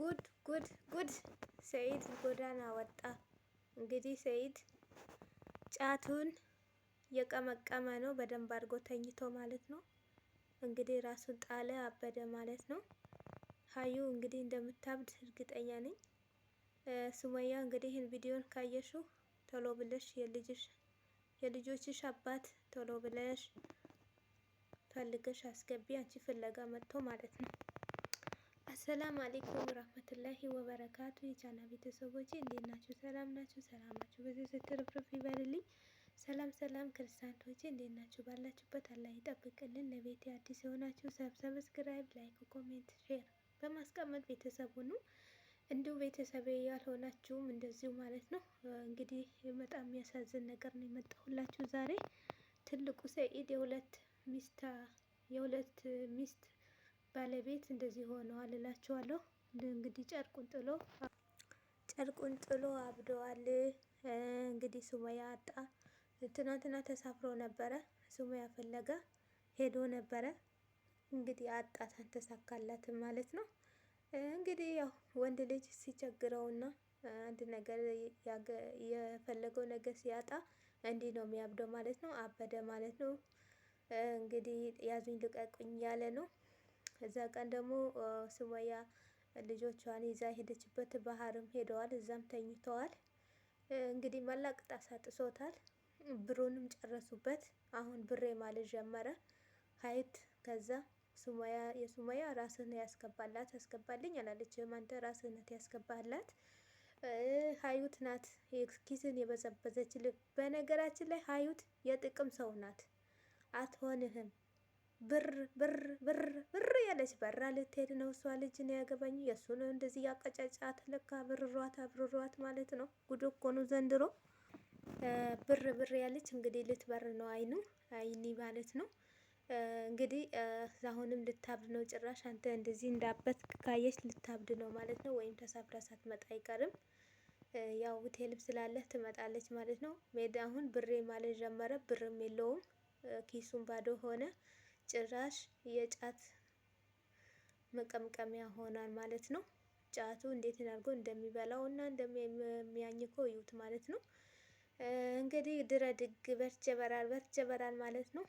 ጉድ ጉድ ጉድ! ሰኢድ ጎዳና ወጣ። እንግዲህ ሰኢድ ጫቱን የቀመቀመ ነው፣ በደንብ አድርጎ ተኝቶ ማለት ነው። እንግዲህ ራሱን ጣለ፣ አበደ ማለት ነው። ሀዩ እንግዲህ እንደምታብድ እርግጠኛ ነኝ። ሱመያ እንግዲህ ይህን ቪዲዮን ካየሹ ቶሎ ብለሽ የልጆችሽ አባት ቶሎ ብለሽ ፈልገሽ አስገቢ። አንቺ ፍለጋ መጥቶ ማለት ነው። አሰላም አሌይኩም ረህመቱላሂ ወበረካቱ የቻና ቤተሰቦቼ እንዴት ናችሁ? ሰላም ናችሁ? ሰላም ናችሁ? ብዙ ስትርፍርፍ ይበልልኝ። ሰላም ሰላም ክርስቲያኖቼ እንዴት ናችሁ? ባላችሁበት አላህ ይጠብቅልን። ለቤቴ አዲስ የሆናችሁ ሰብስክራይብ፣ ላይክ፣ ኮሜንት፣ ሼር በማስቀመጥ ቤተሰብ ሁኑ። እንዲሁ ቤተሰብ ያልሆናችሁም እንደዚሁ ማለት ነው። እንግዲህ በጣም የሚያሳዝን ነገር ነው የመጣሁላችሁ ዛሬ። ትልቁ ሰኢድ የሁለት ሚስት የሁለት ሚስት ባለቤት እንደዚህ ሆነዋል እላችኋለሁ። እንግዲህ ጨርቁን ጥሎ ጨርቁን ጥሎ አብደዋል። እንግዲህ ሱመያ አጣ። ትናንትና ተሳፍሮ ነበረ። ሱመያ ፈለጋ ሄዶ ነበረ። እንግዲህ አጣት፣ አልተሳካላትም ማለት ነው። እንግዲህ ያው ወንድ ልጅ ሲቸግረውና አንድ ነገር የፈለገው ነገር ሲያጣ እንዲህ ነው የሚያብደው ማለት ነው። አበደ ማለት ነው። እንግዲህ ያዙኝ ልቀቁኝ ያለ ነው። እዛ ቀን ደግሞ ሱመያ ልጆቿን ይዛ ሄደችበት ባህርም ሄደዋል። እዛም ተኝተዋል። እንግዲህ መላቅ ጣሳ ጥሶታል። ብሩንም ጨረሱበት። አሁን ብሬ ማለት ጀመረ ሀይት። ከዛ የሱመያ ራስህን ያስገባላት ያስገባልኝ አላለችም። አንተ ራስህነት ያስገባላት ሀዩት ናት ኪስን የበዘበዘችልህ። በነገራችን ላይ ሀዩት የጥቅም ሰው ናት፣ አትሆንህም። ብር ብር ብር ብር ያለች በራ ልትሄድ ነው። እሷ ልጅ ነው ያገባኝ የእሱ ነው እንደዚህ ያቀጫጫት ለካ ብርሯት አብርሯት ማለት ነው። ጉድ እኮ ነው ዘንድሮ። ብር ብር ያለች እንግዲህ ልትበር ነው። አይኑ አይኒ ማለት ነው እንግዲህ አሁንም ልታብድ ነው። ጭራሽ አንተ እንደዚህ እንዳበት ካየች ልታብድ ነው ማለት ነው። ወይም ተሳፍራ ሳትመጣ አይቀርም። ያው ሆቴልም ስላለህ ትመጣለች ማለት ነው። ሜዳ አሁን ብሬ ማለት ጀመረ። ብርም የለውም ኪሱም ባዶ ሆነ። ጭራሽ የጫት መቀምቀሚያ ሆናል ማለት ነው። ጫቱ እንዴት አድርጎ እንደሚበላው እና እንደሚያኝከው እዩት ማለት ነው። እንግዲህ ድረ ድግ በርቸበራል በርቸበራል ማለት ነው።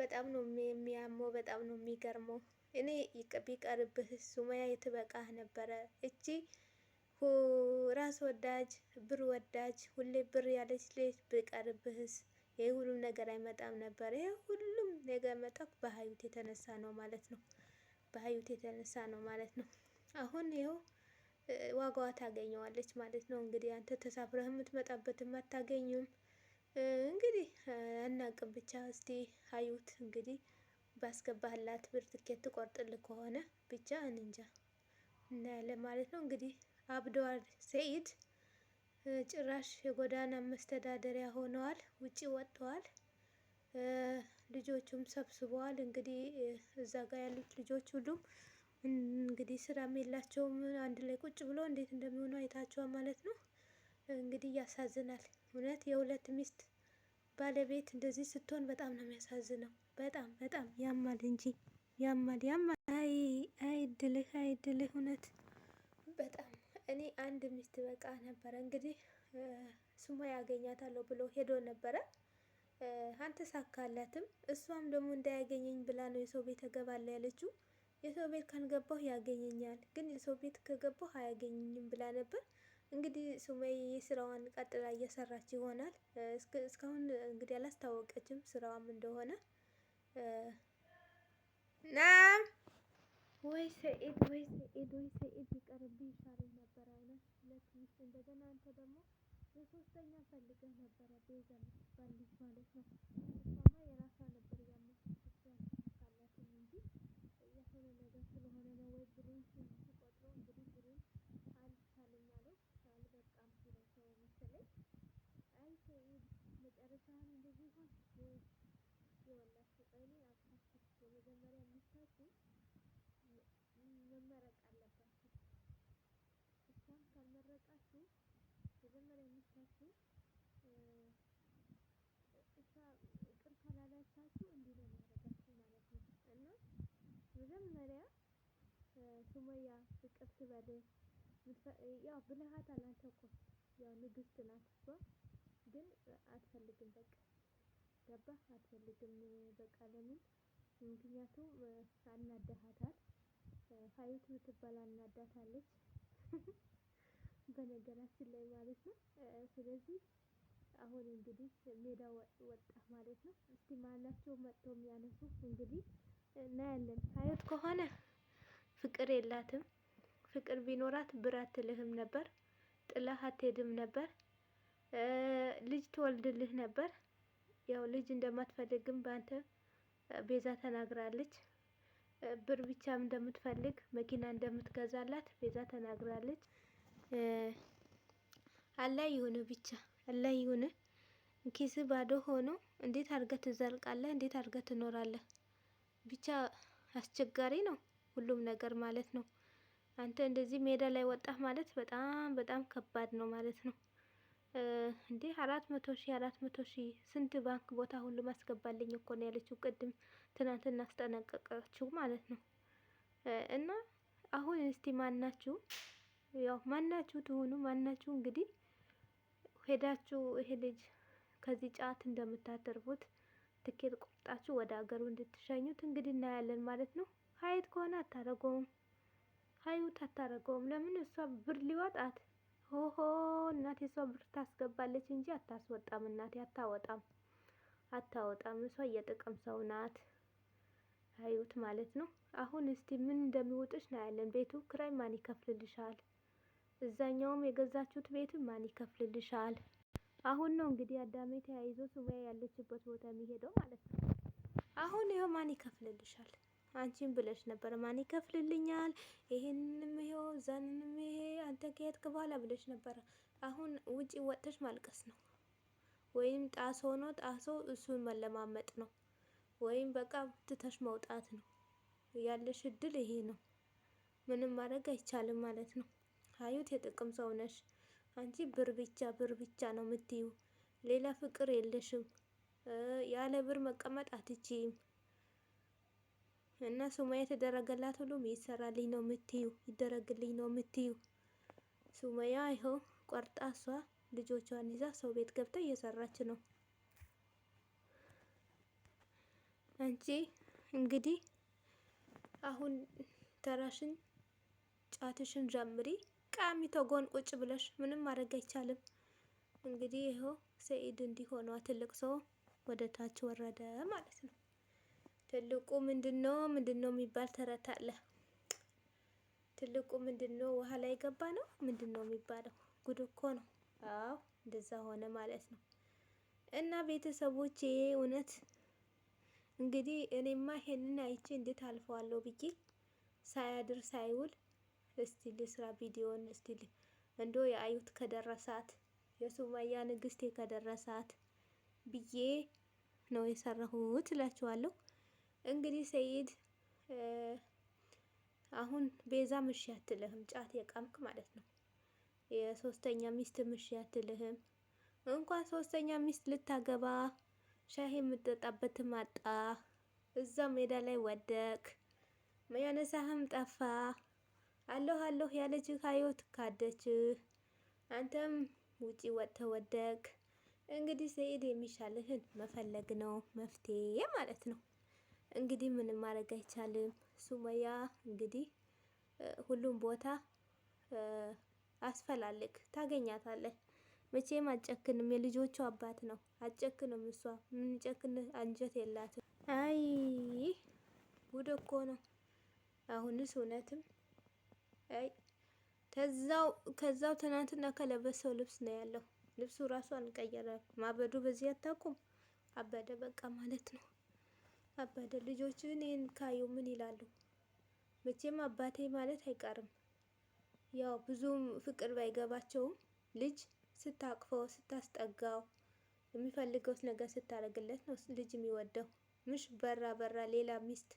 በጣም ነው የሚያመው፣ በጣም ነው የሚገርመው። እኔ ቢቀርብህ ሱመያ የትበቃህ ነበረ። እቺ ራስ ወዳጅ፣ ብር ወዳጅ፣ ሁሌ ብር ያለች ልጅ ቢቀርብህስ ይህ ሁሉም ነገር አይመጣም ነበር። ይህ ሁሉም ነገር መጣው በሀዩት የተነሳ ነው ማለት ነው። በሀዩት የተነሳ ነው ማለት ነው። አሁን ይኸው ዋጋዋ ታገኘዋለች ማለት ነው። እንግዲህ አንተ ተሳፍረህ የምትመጣበትም አታገኝም። እንግዲህ አናቅም ብቻ እስቲ ሀዩት እንግዲህ ባስገባህላት ብር ትኬት ትቆርጥልህ ከሆነ ብቻ እንንጃ እናያለን ማለት ነው። እንግዲህ አብደዋል ሰኢድ ጭራሽ የጎዳና መስተዳደሪያ ሆነዋል። ውጪ ወጥተዋል። ልጆቹም ሰብስበዋል። እንግዲህ እዛ ጋር ያሉት ልጆች ሁሉም እንግዲህ ስራም የላቸውም። አንድ ላይ ቁጭ ብሎ እንዴት እንደሚሆኑ አይታቸዋል ማለት ነው። እንግዲህ ያሳዝናል። እውነት የሁለት ሚስት ባለቤት እንደዚህ ስትሆን በጣም ነው የሚያሳዝነው። በጣም በጣም ያማል እንጂ ያማል ያማል። አይ አይ ድልህ አይ ድልህ እውነት በጣም እኔ አንድ ሚስት በቃ ነበረ እንግዲህ ሱማ ያገኛታለሁ ብሎ ሄዶ ነበረ። አልተሳካለትም። እሷም ደግሞ እንዳያገኘኝ ብላ ነው የሰው ቤት እገባለሁ ያለችው። የሰው ቤት ካልገባሁ ያገኘኛል፣ ግን የሰው ቤት ከገባሁ አያገኘኝም ብላ ነበር። እንግዲህ ሱማ የስራዋን ቀጥላ እየሰራች ይሆናል። እስካሁን እንግዲህ አላስታወቀችም ስራዋም እንደሆነ። ናም ወይ ሰኢድ ወይ ሰኢድ ወይ ሰኢድ ይቀርብኝ እንደገና አንተ ደግሞ የሶስተኛ ፈልገህ ነበረ ቤዛ የምትባል ልጅ ማለት ነው። እሷማ የራሷ ነበር ያመጣችው እንጂ የሆነ ነገር ስለሆነ ነው ወይ ብሩን ሲቆጥረው እንግዲህ ብሩን አልቻልም አለው። አልበቃም ሲለው ሰው መሰለኝ። አይ ሰኢድ መጨረሻህን እንደዚህ ይሆን የወላችሁ ቀይኔ አልታችሁ በመጀመሪያ የሚታችሁ መመረቅ ሳታውቃችሁ መጀመሪያ የሚታችሁ እሷ ይቅር ካላላቻችሁ እንዲህ ነው የሚያደርጋችሁ ማለት ነው። እና መጀመሪያ ሱመያ ፍቅር ያው ብልሃት አላንተ እኮ ያው ንግስት ናት እሷ ግን አትፈልግም። በቃ ገባህ? አትፈልግም በቃ ለምን? ምክንያቱም አናዳሃታል ሀይቱ ትባል አናዳታለች። በነገራችን ላይ ማለት ነው። ስለዚህ አሁን እንግዲህ ሜዳ ወጣ ማለት ነው። እስቲ ማናቸው መጥቶ የሚያነሱ እንግዲህ እናያለን። ሀይወት ከሆነ ፍቅር የላትም። ፍቅር ቢኖራት ብር አትልህም ነበር፣ ጥላህ አትሄድም ነበር፣ ልጅ ትወልድልህ ነበር። ያው ልጅ እንደማትፈልግም በአንተ ቤዛ ተናግራለች። ብር ብቻም እንደምትፈልግ መኪና እንደምትገዛላት ቤዛ ተናግራለች። አላህ የሆነ ብቻ አላህ የሆነ ኪስ ባዶ ሆኖ እንዴት አርገት ትዘልቃለህ? እንዴት አርገት ትኖራለህ? ብቻ አስቸጋሪ ነው ሁሉም ነገር ማለት ነው። አንተ እንደዚህ ሜዳ ላይ ወጣህ ማለት በጣም በጣም ከባድ ነው ማለት ነው። እንዴ አራት መቶ ሺህ አራት መቶ ሺህ ስንት ባንክ ቦታ ሁሉ ማስገባልኝ እኮ ነው ያለችው ቅድም ትናንት እናስጠነቀቀችው ማለት ነው። እና አሁን እስቲ ማናችሁ ያው ማናችሁ ትሆኑ ማናችሁ እንግዲህ ሄዳችሁ ይሄ ልጅ ከዚህ ጫት እንደምታተርፉት ትኬት ቆርጣችሁ ወደ ሀገሩ እንድትሸኙት እንግዲህ እናያለን ማለት ነው። ሀይት ከሆነ አታረገውም፣ ሀዩት አታረገውም። ለምን እሷ ብር ሊወጣት ሆሆ እናቴ፣ እሷ ብር ታስገባለች እንጂ አታስወጣም። እናቴ አታወጣም፣ አታወጣም። እሷ እየጥቅም ሰው ናት ሀዩት ማለት ነው። አሁን እስቲ ምን እንደሚወጥሽ እናያለን። ቤቱ ክራይ ማን ይከፍልልሻል? እዛኛውም የገዛችሁት ቤት ማን ይከፍልልሻል? አሁን ነው እንግዲህ አዳሜ ተያይዞ ሱመያ ያለችበት ቦታ የሚሄደው ማለት ነው። አሁን ይኸው ማን ይከፍልልሻል? አንቺን ብለሽ ነበር። ማን ይከፍልልኛል? ይሄንንም ይኸው እዛንንም ይሄ አንተ ከየት ከኋላ ብለሽ ነበረ። አሁን ውጪ ወጥተሽ ማልቀስ ነው ወይም ጣሶ ሆኖ ጣሶ እሱን መለማመጥ ነው ወይም በቃ ትተሽ መውጣት ነው። ያለሽ እድል ይሄ ነው። ምንም ማድረግ አይቻልም ማለት ነው። ሀዩት የጥቅም ሰው ነሽ። አንቺ ብር ብቻ ብር ብቻ ነው የምትዩ፣ ሌላ ፍቅር የለሽም። ያለ ብር መቀመጥ አትችይም። እና ሱማያ የተደረገላት ሁሉም ይሰራልኝ ነው የምትዩ፣ ይደረግልኝ ነው የምትዩ። ሱማያ ይኸው ቆርጣ እሷ ልጆቿን ይዛ ሰው ቤት ገብታ እየሰራች ነው። አንቺ እንግዲህ አሁን ተራሽን ጫትሽን ጀምሪ። ቃሚቶ ተጎን ቁጭ ብለሽ ምንም ማድረግ አይቻልም። እንግዲህ ይኸው ሰኢድ እንዲሆኗ ትልቅ ሰው ወደ ታች ወረደ ማለት ነው። ትልቁ ምንድነው ምንድነው የሚባል ተረት አለ። ትልቁ ምንድነው ውሃ ላይ ገባ ነው ምንድነው የሚባለው? ጉድ እኮ ነው። አዎ እንደዛ ሆነ ማለት ነው። እና ቤተሰቦቼ እውነት እንግዲህ እኔማ ይሄንን አይቼ እንዴት አልፈዋለሁ ብዬ ሳያድር ሳይውል እስቲ ልስራ ቪዲዮን እስቲ እንዶ የአዩት ከደረሳት የሱማያ ንግስቴ ከደረሳት ብዬ ነው የሰራሁት እላችኋለሁ። እንግዲህ ሰይድ አሁን ቤዛ ምሽ አትልህም፣ ጫት የቃምክ ማለት ነው። የሶስተኛ ሚስት ምሽ አትልህም። እንኳን ሶስተኛ ሚስት ልታገባ ሻሂ የምትጠጣበት ማጣ፣ እዛ ሜዳ ላይ ወደቅ፣ መያነሳህም ጠፋ። አለሁ አለሁ ያለች ሀይወት ካደችህ። አንተም ውጪ ወጥተ ወደቅ። እንግዲህ ሰኢድ የሚሻልህን መፈለግ ነው መፍትሄ ማለት ነው። እንግዲህ ምንም ማድረግ አይቻልም። ሱመያ እንግዲህ ሁሉም ቦታ አስፈላልግ ታገኛታለህ። መቼም አጨክንም፣ የልጆቹ አባት ነው። አጨክንም፣ እሷ ምንጨክን አንጀት የላትም። አይ ጉድ እኮ ነው አሁንስ እውነትም ከዛው ከዛው ትናንትና ከለበሰው ልብስ ነው ያለው። ልብሱ ራሱ አልቀየረም። ማበዱ በዚህ አታውቁም። አበደ በቃ ማለት ነው። አበደ ልጆቹ ይህን ካዩ ምን ይላሉ? መቼም አባቴ ማለት አይቀርም። ያው ብዙም ፍቅር ባይገባቸውም ልጅ ስታቅፈው ስታስጠጋው የሚፈልገውት ነገር ስታደርግለት ነው ልጅ የሚወደው። ምሽ በራ በራ ሌላ ሚስት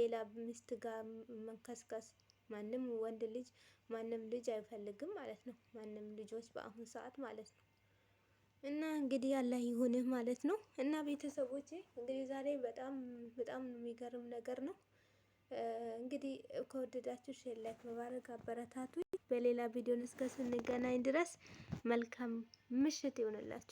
ሌላ ሚስት ጋር መንከስከስ ማንም ወንድ ልጅ ማንም ልጅ አይፈልግም ማለት ነው። ማንም ልጆች በአሁኑ ሰዓት ማለት ነው። እና እንግዲህ ያለ ይሁንህ ማለት ነው። እና ቤተሰቦቼ እንግዲህ ዛሬ በጣም በጣም የሚገርም ነገር ነው። እንግዲህ ከወደዳችሁ ሼር፣ ላይክ አበረታቱ። በሌላ ቪዲዮን እስከ ስንገናኝ ድረስ መልካም ምሽት ይሆንላችሁ።